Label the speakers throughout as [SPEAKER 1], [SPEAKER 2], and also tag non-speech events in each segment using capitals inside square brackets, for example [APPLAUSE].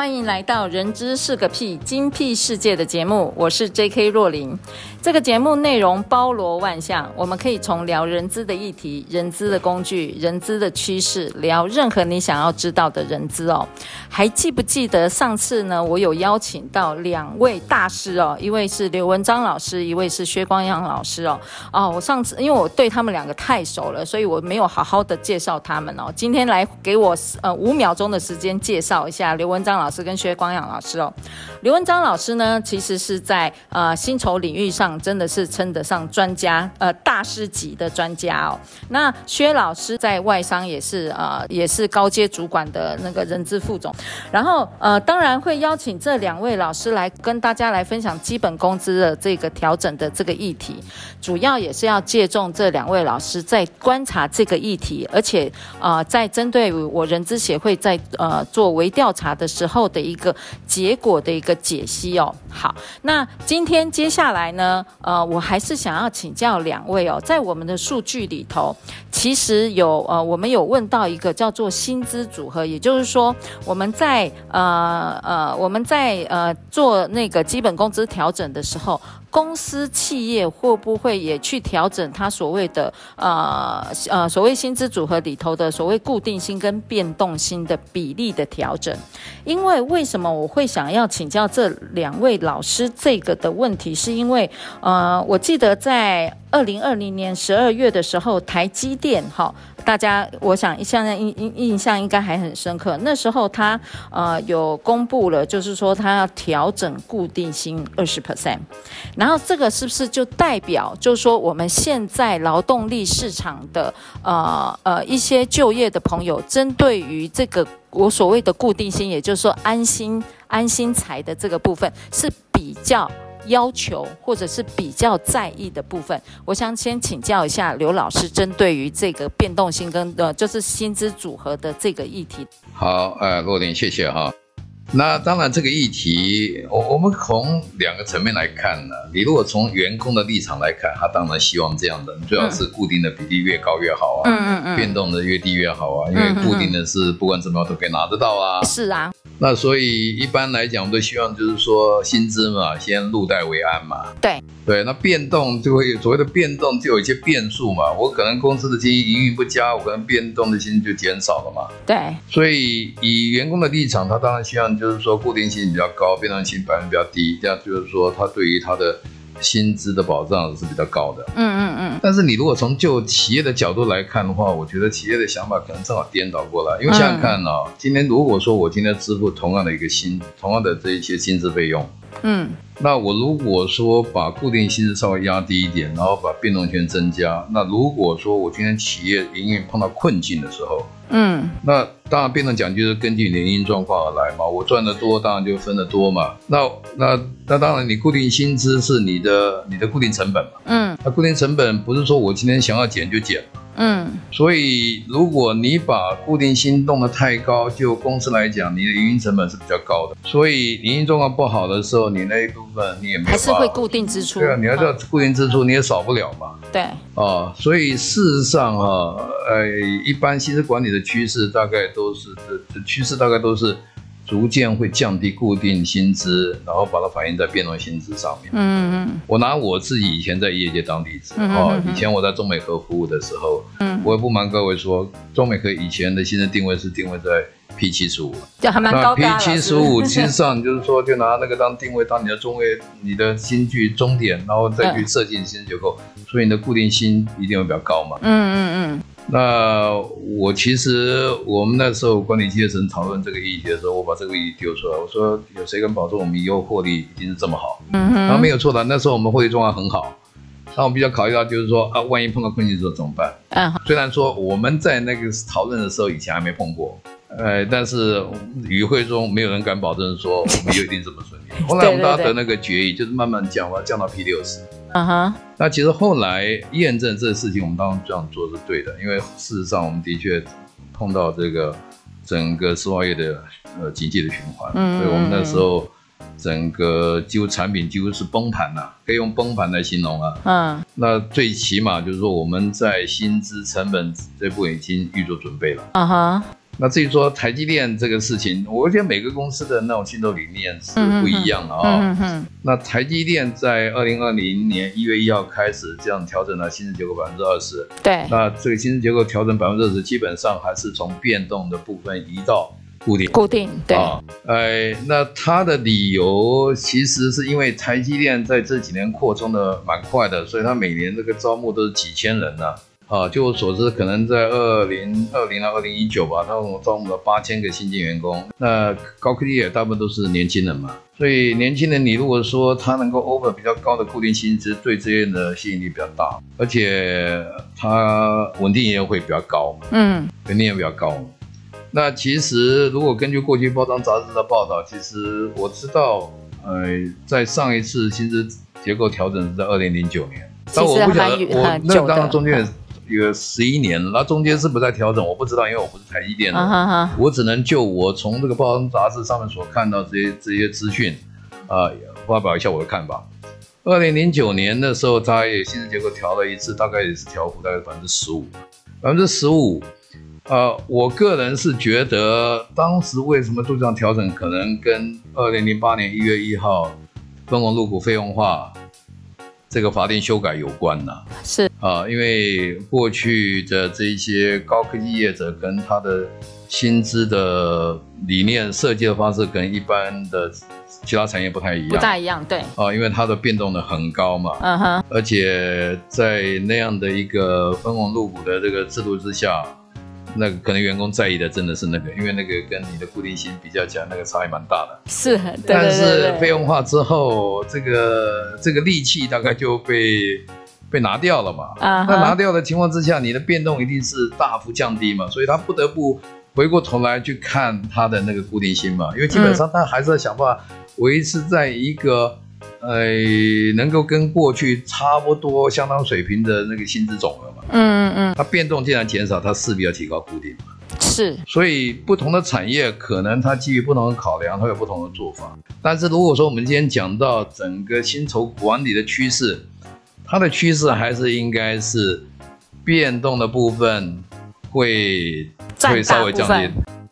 [SPEAKER 1] 歡迎來到《人資是個屁》精闢世界的節目，我是 J.K. 若羚。這個節目內容包羅萬象，我們可以從聊人資的議題、人資的工具、人資的趨勢，聊任何你想要知道的人資哦。還記不記得上次呢？我有邀請到兩位大師哦，一位是劉文章老師，一位是薛光揚老師哦。哦，我上次因為我對他們兩個太熟了，所以我沒有好好的介紹他們哦。今天來給我呃五秒鐘的時間介紹一下劉文章老師。是跟薛光陽老師哦，劉文章老師呢，其實是在呃薪酬領域上真的是稱得上專家呃大師級的專家哦。那薛老師在外商也是呃也是高階主管的那個人資副總，然後呃當然會邀請這兩位老師來跟大家來分享基本工資的這個調整的這個議題，主要也是要借重這兩位老師在觀察這個議題，而且呃在針對我人資協會在呃做微調查的時候。後的一個結果的一個解析哦，好，那今天接下來呢，呃，我還是想要請教兩位哦，在我們的數據裡頭，其實有呃，我們有問到一個叫做薪資組合，也就是說，我們在呃呃，我們在呃做那個基本工資調整的時候。公司企業會不會也去調整他所謂的呃呃所謂薪資組合裡頭的所謂固定薪跟變動薪的比例的調整？因為為什麼我會想要請教這兩位老師這個的問題，是因為呃我記得在。二零二零年十二月的時候，台積電哈，大家我想現在印印，印象應該還很深刻。那時候他呃有公布了，就是說他要調整固定薪二十 percent，然後這個是不是就代表，就是說我們現在勞動力市場的呃呃一些就業的朋友，針對於這個我所謂的固定薪，也就是說安心安心財的這個部分是比較。要求或者是比較在意的部分，我想先請教一下劉老師，針對於這個變動薪跟呃，就是薪資組合的這個議題。
[SPEAKER 2] 好，呃，若羚，謝謝哈。那當然，這個議題，我我們從兩個層面來看呢。你如果從員工的立場來看，他當然希望這樣的，最好是固定的比例越高越好啊，嗯嗯嗯，嗯變動的越低越好啊，嗯、因為固定的是不管怎麼樣都可以拿得到啊。是啊、嗯。嗯、那所以一般來講，我們都希望就是說薪資嘛，先入袋為安嘛。對。對。那變動就會有所謂的變動就有一些變數嘛，我可能公司的經營營運不佳，我可能變動的薪資就減少了嘛。對。所以以員工的立場，他當然希望。就是說，固定薪比較高，變動性百分比較低，這樣就是說，它對於它的薪資的保障是比較高的。嗯嗯嗯。嗯嗯，但是你如果從就企業的角度來看的話，我覺得企業的想法可能正好顛倒過來。因為想想看啊、哦，嗯、今天如果說我今天支付同樣的一個薪，同樣的這一些薪資費用，嗯，那我如果說把固定薪資稍微壓低一點，然後把變動權增加，那如果說我今天企業營運碰到困境的時候，嗯，那當然，變成講就是根據年齡狀況而來嘛。我賺得多，當然就分得多嘛那。那那那當然，你固定薪資是你的你的固定成本嘛。嗯，那固定成本不是說我今天想要減就減嗯，所以如果你把固定薪弄得太高，就公司來講，你的營運成本是比較高的。所以營運狀況不好的時候，你那一部分你也沒有辦法，還是會固
[SPEAKER 1] 定支出。對啊，你要叫
[SPEAKER 2] 固定支出，嗯、你也少不了嘛。對啊，所以事實上啊，呃、哎，一般薪資管理的趨勢大概都是，這這趨勢大概都是。逐漸會降低固定薪資，然後把它反映在變動薪資上面。嗯嗯，我拿我自己以前在業界當例子，嗯嗯嗯嗯、哦，以前我在中美合服務的時候，嗯、我也不瞞各位說，中美合以前的薪資定位是定位在 P 七十五，P 七十五，其實上就是說，就拿那個當定位， [LAUGHS] 當你的中位，你的薪距中點，然後再去設計薪資結構，對所以你的固定薪一定會比較高嘛。嗯嗯嗯。那我其實我們那時候管理階層討論這個議題的時候，我把這個議題丟出來，我說有誰敢保證我們以後獲利一定是這麼好？嗯哼，然後沒有錯的，那時候我們獲利狀況很好。然後我們比較考慮到就是說啊，萬一碰到困境的時候怎麼辦？嗯，雖然說我們在那個討論的時候以前還沒碰過，呃，但是與會中沒有人敢保證說我們有一定這麼順利。 [LAUGHS] 對對對對，後來我們大家得那個決議，就是慢慢降吧，降到 P 六十。啊哈，uh huh. 那其實後來驗證這個事情，我們當時這樣做是對的，因為事實上我們的確碰到這個整個製造業的呃經濟的循環，嗯，所以我們那時候整個幾乎產品幾乎是崩盤了、啊，可以用崩盤來形容啊，嗯、uh，huh. 那最起碼就是說我們在薪資成本這部分已經預做準備了，啊哈、uh。Huh. 那至於說台積電這個事情，我覺得每個公司的那種薪酬理念是不一樣的啊、哦嗯嗯。嗯，嗯那台積電在二零二零年一月一號開始這樣調整了薪資結構百分之二十。對。那這個薪資結構調整百分之二十，基本上還是從變動的部分移到固定。
[SPEAKER 1] 固定。對。啊、
[SPEAKER 2] 哎，那他的理由其實是因為台積電在這幾年擴充的蠻快的，所以它每年這個招募都是幾千人呢、啊。啊，據我所知，可能在二零二零到二零一九吧，他們招募了八千個新進員工。那高科技也大部分都是年輕人嘛，所以年輕人，你如果說他能夠 offer 比較高的固定薪資，對這些人的吸引力比較大，而且他穩定也會比較高。嗯，穩定也比較高。那其實如果根據過去報章雜誌的報道，其實我知道，呃，在上一次薪資結構調整是在二零零九年，但我不曉得，我那剛剛中間、嗯。有十一11年了，那中間是不在調整，我不知道，因為我不是台積電的，uh huh huh. 我只能就我從這個報刊雜誌上面所看到這些這些資訊，啊、呃，發表一下我的看法。二零零九年的時候，它也薪資結構調了一次，大概也是調幅大概百分之十五，百分之十五。呃，我個人是覺得當時為什麼就這樣調整，可能跟二零零八年一月一號分紅入股費用化，這個法定修改有關吶、啊，是啊，因為過去的這些高科技業者跟他的薪資的理念設計的方式跟一般的其他產業不太一樣，不太一樣，對啊，因為它的變動的很高嘛，嗯哼，而且在那樣的一個分紅入股的這個制度之下。那個可能員工在意的真的是那個，因為那個跟你的固定薪比較起來，那個差異蠻大的。是，對對
[SPEAKER 1] 對對，但是
[SPEAKER 2] 費用化之後，這個這個利器大概就被被拿掉了嘛。啊、uh，那、huh、拿掉的情況之下，你的變動一定是大幅降低嘛，所以他不得不回過頭來去看他的那個固定薪嘛，因為基本上他還是在想辦法維持、嗯、在一個。呃，能夠跟過去差不多、相當水平的那個薪資總額嘛？嗯嗯嗯。嗯它變動既然減少，它勢必要提高固定嘛？是。所以不同的產業可能它基於不同的考量，它有不同的做法。但是如果說我們今天講到整個薪酬管理的趨勢，它的趨勢還是應該是變動的部分會部分會稍微降低。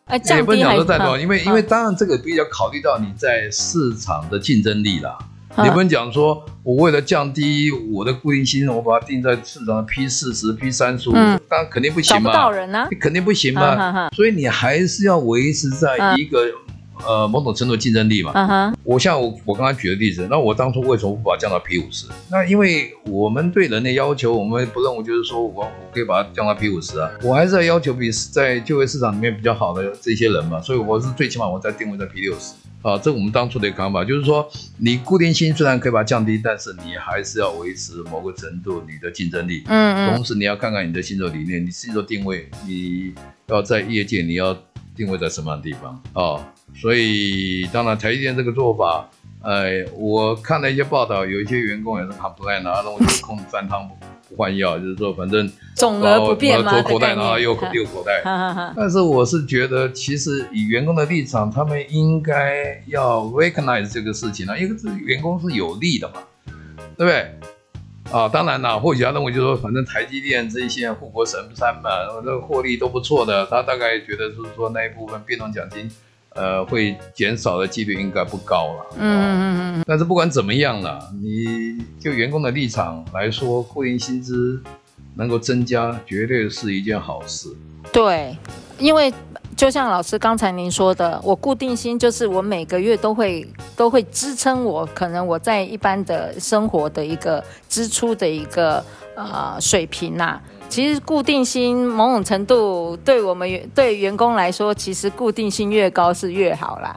[SPEAKER 2] 哎、欸，降
[SPEAKER 1] 低也不能講說太多，
[SPEAKER 2] 因為因為當然這個比較考慮到你在市場的競爭力啦。你不能講說，我為了降低我的固定薪，我把它定在市場的 P 四十、嗯、P 三十五，當然肯定不行嘛，找不到人啊、肯定不行嘛，嗯嗯嗯嗯、所以你還是要維持在一個。呃，某種程度競爭力嘛。嗯哼、uh-huh、我像我我剛才舉的例子，那我當初為什麼不把它降到 P 五十？那因為我們對人的要求，我們不認為就是說我我可以把它降到 P 五十啊，我還是要，要求比在就業市場裡面比較好的這些人嘛。所以我是最起碼我再定位在 P 六十啊，這我們當初的看法就是說，你固定薪雖然可以把它降低，但是你還是要維持某個程度你的競爭力。嗯，嗯。同時你要看看你的薪酬理念，你的薪酬定位，你要在業界你要。定位在什麼樣的地方啊，哦？所以當然，台積電這個做法，呃，我看了一些報道，有一些員工也是 complain 拿東西換湯，不換藥，就是說反正
[SPEAKER 1] 總額不變嘛，左口袋拿了右後口袋。哈哈哈哈，但是
[SPEAKER 2] 我是覺得，其實以員工的立場，他們應該要 recognize 這個事情了，啊，因為這員工是有利的嘛，對不對？啊、哦，當然啦，或許他認為就是說，反正台積電這些護國神山嘛，然後這個獲利都不錯的，他大概覺得就是說那一部分變動獎金，呃，會減少的幾率應該不高了。嗯嗯嗯，嗯，嗯但是不管怎麼樣啦，你就員工的立場來說，固定薪資能夠增加，絕對是一件好事。
[SPEAKER 1] 對，因為。就像老師剛才您說的，我固定薪就是我每個月都會都會支撐我，可能我在一般的生活的一個支出的一個呃水平吶，啊。其實固定薪某種程度對我們對員工來說，其實固定薪越高是越好啦。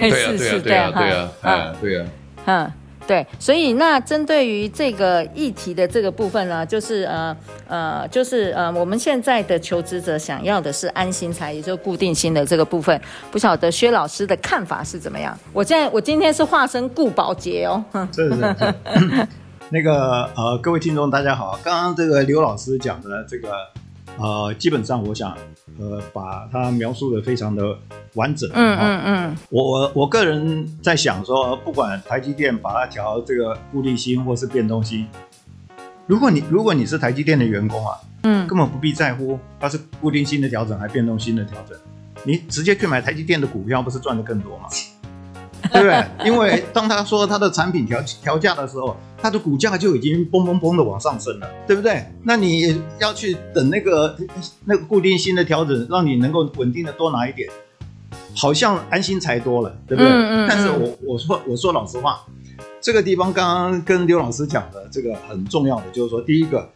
[SPEAKER 1] 對對、啊、對啊對啊嗯對啊嗯。對啊。對，所以那針對於這個議題的這個部分呢，就是呃呃，就是呃，我們現在的求職者想要的是安心財，也就是固定薪的這個部分，不曉得薛老師的看法是怎麼樣？我現在我今天是化身顧寶傑哦，哼，是
[SPEAKER 3] 是，是， [LAUGHS] [LAUGHS] 那個呃，各位聽眾大家好，剛剛這個劉老師講的這個。呃，基本上我想，呃，把它描述得非常的完整。嗯嗯嗯。嗯嗯我我我個人在想說，不管台積電把它調這個固定薪或是變動薪，如果你如果你是台積電的員工啊，嗯，根本不必在乎它是固定薪的調整還是變動薪的調整，你直接去買台積電的股票，不是賺得更多嗎？ [LAUGHS] 對不對？因為當他說他的產品調調價的時候，他的股價就已經嘣嘣嘣的往上升了，對不對？那你要去等那個那個固定薪的調整，讓你能夠穩定的多拿一點，好像安心才多了，對不對？嗯嗯嗯，但是我我說我說老實話，這個地方剛剛跟劉老師講的這個很重要的就是說，第一個。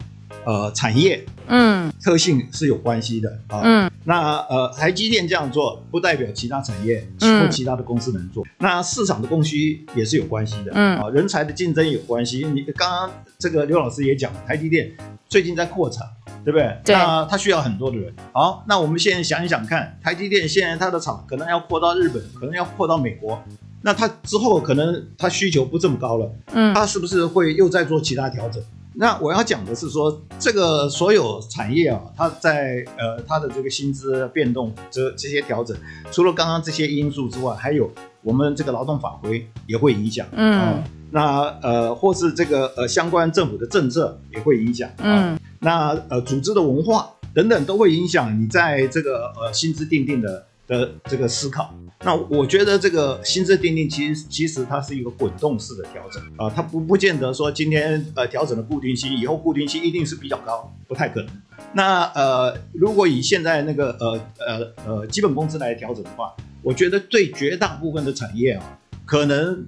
[SPEAKER 3] 呃，產業
[SPEAKER 1] 嗯
[SPEAKER 3] 特性是有關係的啊。哦、嗯，那呃，台積電這樣做不代表其他產業或其他的公司能做。嗯、那市場的供需也是有關係的嗯啊、哦，人才的競爭有關係。你剛剛這個劉老師也講了，台積電最近在擴產，對不對？對。那它需要很多的人。好，那我們現在想一想看，台積電現在它的廠可能要擴到日本，可能要擴到美國，那它之後可能它需求不這麼高了，嗯，它是不是會又在做其他調整？那我要講的是說，這個所有產業啊，它在呃它的這個薪資變動這這些調整，除了剛剛這些因素之外，還有我們這個勞動法規也會影響，嗯，哦、那呃或是這個呃相關政府的政策也會影響，嗯，哦、那呃組織的文化等等都會影響你在這個呃薪資訂定的的這個思考，那我覺得這個薪資訂定，其實其實它是一個滾動式的調整啊、呃，它不不見得說今天呃調整了固定薪，以後固定薪一定是比較高，不太可能。那呃，如果以現在那個呃呃呃基本工資來調整的話，我覺得對絕大部分的產業啊，可能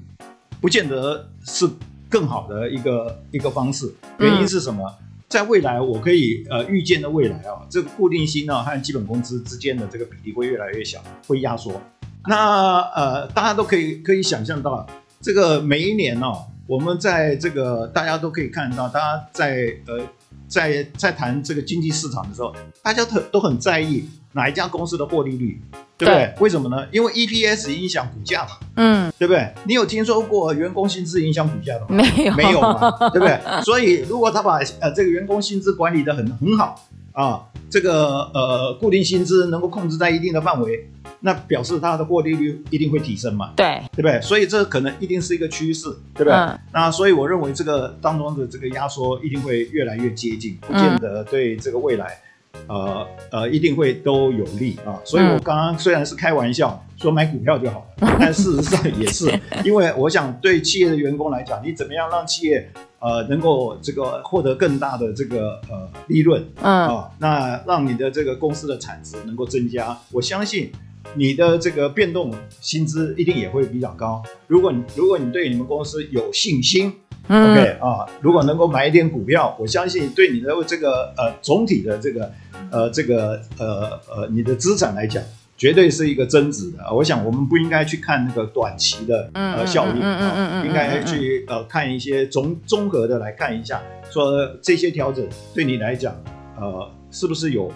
[SPEAKER 3] 不見得是更好的一個一個方式。原因是什麼？嗯在未來，我可以呃預見的未來啊，這個固定薪呢和基本工資之間的這個比例會越來越小，會壓縮。那呃，大家都可以可以想象到，這個每一年呢，我們在這個大家都可以看到，大家在呃在在談這個經濟市場的時候，大家特都很在意。哪一家公司的獲利率，對不對？對。為什麼呢？因為 EPS 影響股價嘛。嗯，對不對？你有聽說過員工薪資影響股價的嗎？沒有，沒有嘛，對不對？ [LAUGHS] 所以如果他把呃這個員工薪資管理得很很好啊，這個呃，、這個、呃固定薪資能夠控制在一定的範圍，那表示他的獲利率一定會提升嘛。對，對不對？所以這可能一定是一個趨勢，對不對？嗯、那所以我認為這個當中的這個壓縮一定會越來越接近，不見得對這個未來。嗯呃呃，一定會都有利啊，所以我剛剛雖然是開玩笑說買股票就好了，但事實上也是， [LAUGHS] 因為我想對企業的員工來講，你怎麼樣讓企業呃能夠這個獲得更大的這個呃利潤，啊，那讓你的這個公司的產值能夠增加，我相信你的這個變動薪資一定也會比較高。如果你如果你對你們公司有信心。OK 啊，如果能夠買一點股票，我相信對你的這個呃總體的這個呃這個呃呃你的資產來講，絕對是一個增值的。我想我們不應該去看那個短期的呃效應，啊，應該去呃看一些綜綜合的來看一下，說這些調整對你來講呃是不是有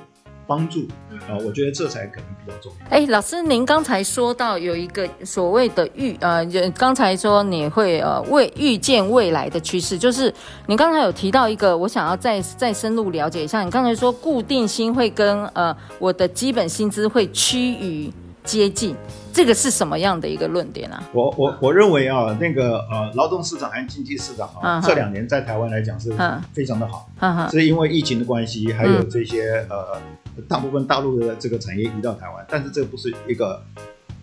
[SPEAKER 3] 幫助啊、呃，我覺得這才可能比較
[SPEAKER 1] 重要。哎，老師，您剛才說到有一個所謂的預呃，剛才說你會呃，未預見未來的趨勢，就是你剛才有提到一個，我想要再再深入了解一下。你剛才說固定薪會跟呃我的基本薪資會趨於接近，這個是什麼樣的一個論點啊？
[SPEAKER 3] 我我我認為啊，那個呃，勞動市場還是經濟市場啊，啊哈這兩年在台灣來講是非常的好，啊、哈是因為疫情的關係，嗯、還有這些呃。大部分大陸的這個產業移到台灣，但是這不是一個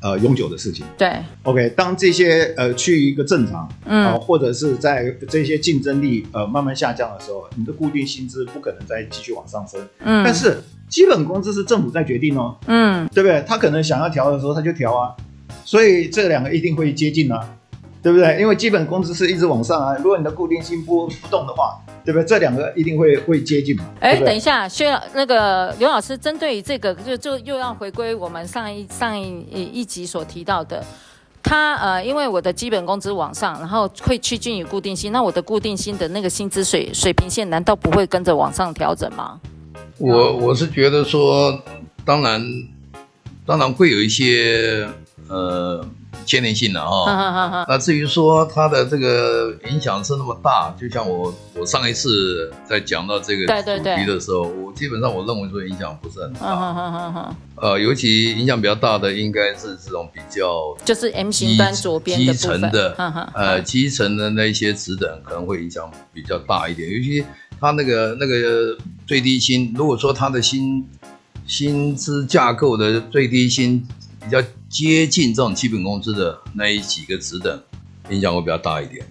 [SPEAKER 3] 呃永久的事情。對，OK，當這些呃趨於一個正常，嗯、呃，或者是在這些競爭力呃慢慢下降的時候，你的固定薪資不可能再繼續往上升。嗯，但是基本工資是政府在決定哦，嗯，對不對？他可能想要調的時候他就調啊，所以這兩個一定會接近啊。對不對？因為基本工資是一直往上啊，如果你的固定薪不不動的話，對不對？這兩個一定會會接近嘛。哎，等一
[SPEAKER 1] 下，薛老那個劉老師，針對於這個，就就又要回歸我們上一上一一集所提到的，他呃，因為我的基本工資往上，然後會趨近於固定薪，那我的固定薪的那個薪資水水平線，難道不會跟着往上調整嗎？
[SPEAKER 2] 我我是覺得說，當然，當然會有一些呃。牽連性的啊，哦、呵呵呵，那至於說它的這個影響是那麼大，就像我我上一次在講到這個主題的時候，對對對我基本上我認為說影響不是很大。呵呵呵呵，呃，尤其影響比較大的應該是這種比較
[SPEAKER 1] 就是 M 型單左邊的基層的，呃，
[SPEAKER 2] 基層的那一些職等，可能會影響比較大一點。呵呵呵，尤其他那個那個最低薪，如果說他的薪薪資架構的最低薪。比較接近這種基本工資的那幾個職等，影響會比較大一點。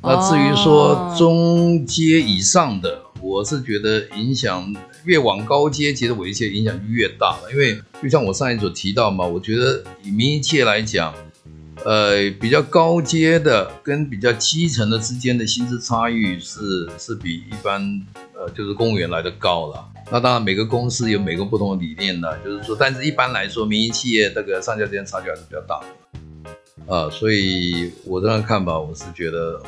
[SPEAKER 2] Oh. 那至於說中階以上的，我是覺得影響越往高階，其實我一階影響越大了，因為就像我上一所提到嘛，我覺得以民營企業來講，呃，比較高階的跟比較基層的之間的薪資差異是是比一般。呃，就是公務員來的高了。那當然，每個公司有每個不同的理念呢，啊，就是說，但是一般來說，民營企業這個上下之間差距還是比較大。啊，呃，所以我這樣看吧，我是覺得。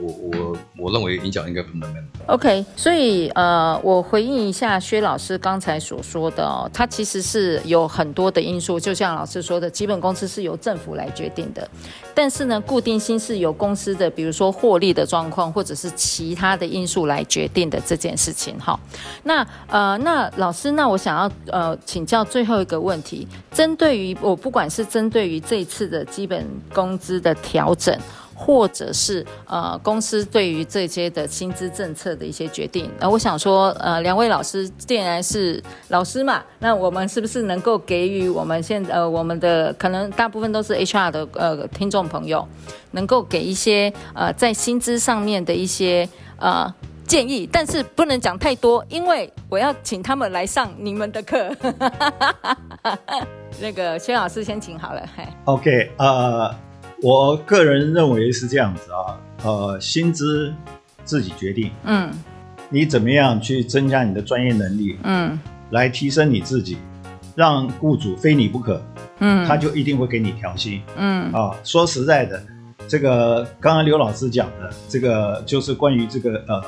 [SPEAKER 2] 我我我認為影響應該不那麼大。
[SPEAKER 1] OK，所以呃，我回應一下薛老師剛才所說的哦，他其實是有很多的因素，就像老師說的基本工資是由政府來決定的，但是呢，固定薪是由公司的，比如說獲利的狀況或者是其他的因素來決定的這件事情哈。那呃，那老師，那我想要呃請教最後一個問題，針對於我不管是針對於這次的基本工資的調整。或者是呃，公司對於這些的薪資政策的一些決定。那、呃、我想說，呃，兩位老師既然是老師嘛，那我們是不是能夠給予我們現在呃我們的可能大部分都是 HR 的呃聽眾朋友，能夠給一些呃在薪資上面的一些呃建議？但是不能講太多，因為我要請他們來上你們的課。 [LAUGHS] 那個薛老師先請好了。
[SPEAKER 3] 嘿，OK，呃、uh。我個人認為是這樣子啊，呃，薪資自己決定。嗯，你怎麼樣去增加你的專業能力，嗯，來提升你自己，讓雇主非你不可。嗯，他就一定會給你調薪。嗯，啊，說實在的，這個剛剛劉老師講的、這個、這個，就是關於這個呃，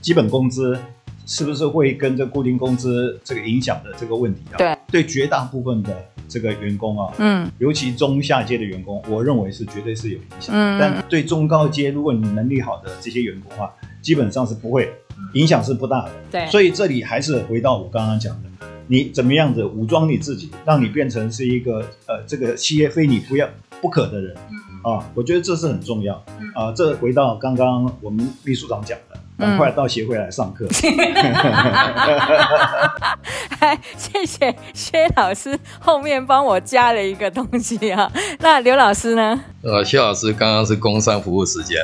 [SPEAKER 3] 基本工資是不是會跟這固定工資這個影響的這個問題啊？對，對，絕大部分的。這個員工啊，嗯，尤其中下階的員工，我認為是絕對是有影響。嗯、嗯，但對中高階，如果你能力好的這些員工啊，基本上是不會，嗯、影響是不大的。對，所以這裡還是回到我剛剛講的，你怎麼樣子武裝你自己，讓你變成是一個呃這個企業非你不要不可的人、嗯、啊，我覺得這是很重要。嗯、啊，這回到剛剛我們秘書長講的。趕快到協會來上課。哎，
[SPEAKER 1] 謝謝薛老師，後面幫我加了一個東西啊。那劉老師呢？呃、
[SPEAKER 2] 啊，薛老師剛剛是工商服務時間。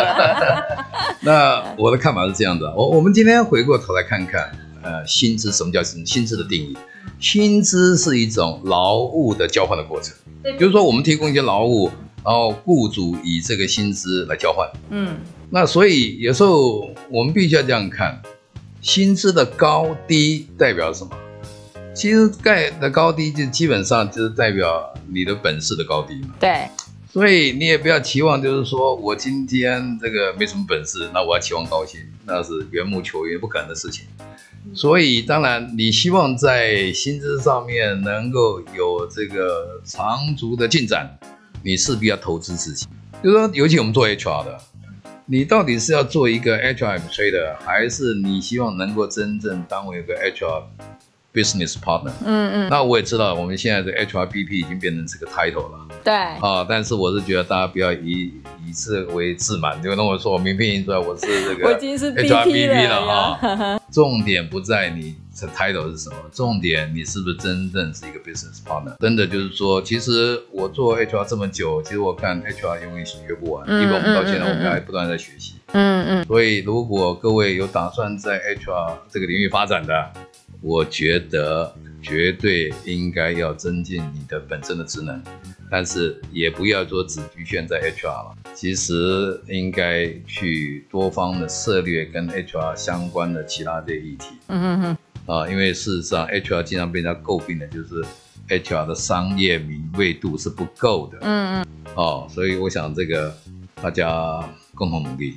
[SPEAKER 2] [LAUGHS] [LAUGHS] 那我的看法是這樣的，我我們今天回過頭來看看，呃，薪資什麼叫薪資的定義？薪資是一種勞務的交換的過程，對比如說我們提供一些勞務，然後雇主以這個薪資來交換。嗯。那所以有時候我們必須要這樣看，薪資的高低代表什麼？薪資概的高低就基本上就是代表你的本事的高低嘛。對，所以你也不要期望，就是說我今天這個沒什麼本事，那我要期望高薪，那是緣木求魚，不可能的事情。所以當然，你希望在薪資上面能夠有這個長足的進展，你勢必要投資自己。就說尤其我們做 HR 的。你到底是要做一個 HRM Trader，還是你希望能夠真正當我一個 HR Business Partner？嗯嗯，嗯那我也知道，我們現在的 HRBP 已經變成這個 title 了。對啊、哦，但是我是覺得大家不要以以這為自滿，因為那我說我名片印出來我是這個 HRBP 了哈。重點不在你。這 title 是什麼？重點你是不是真正是一個 business partner？真的就是說，其實我做 HR 這麼久，其實我看 HR 永遠學不完，嗯、因為我們到現在我們還不斷在學習。嗯嗯。嗯嗯，所以如果各位有打算在 HR 這個領域發展的，我覺得絕對應該要增進你的本身的職能，但是也不要說只局限在 HR 了，其實應該去多方的涉獵跟 HR 相關的其他的議題。嗯嗯
[SPEAKER 1] 嗯。嗯
[SPEAKER 2] 啊、哦，因為事實上，HR 經常被人家詬病的就是 HR 的商業敏銳度是不夠的。嗯嗯。哦，所以我想這個大家共同努力。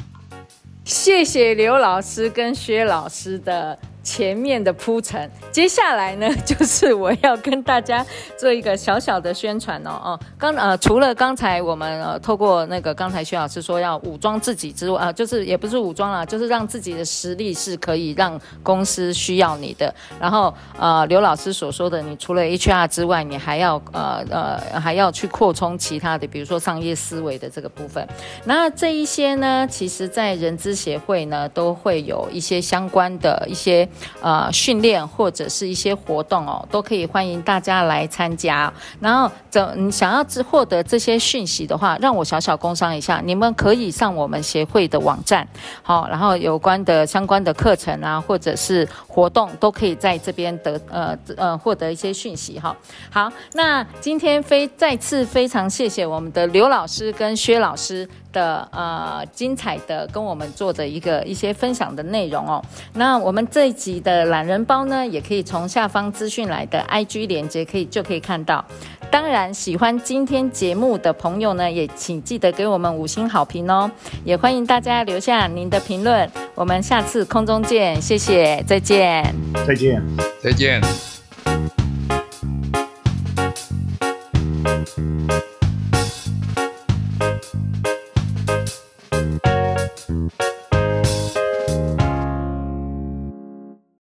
[SPEAKER 1] 謝謝劉老師跟薛老師的。前面的鋪陳，接下來呢，就是我要跟大家做一個小小的宣傳哦哦，剛、哦、呃，除了剛才我們呃透過那個剛才薛老師說要武裝自己之外，啊、呃，就是也不是武裝啦，就是讓自己的實力是可以讓公司需要你的。然後呃，劉老師所說的，你除了 HR 之外，你還要呃呃還要去擴充其他的，比如說商業思維的這個部分。那這一些呢，其實在人資協會呢都會有一些相關的一些。呃，訓練或者是一些活動哦，都可以歡迎大家來參加。然後，怎想要獲得這些訊息的話，讓我小小工商一下，你們可以上我們協會的網站，好，哦，然後有關的相關的課程啊，或者是活動，都可以在這邊得呃呃獲得一些訊息哈，哦。好，那今天非再次非常謝謝我們的劉老師跟薛老師。的呃，精彩的跟我們做的一個一些分享的內容哦。那我們這一集的懶人包呢，也可以從下方資訊來的 IG 鏈接可以就可以看到。當然，喜歡今天節目的朋友呢，也請記得給我們五星好評哦。也歡迎大家留下您的評論。我們下次空中見，謝謝，再見，
[SPEAKER 2] 再見，再見。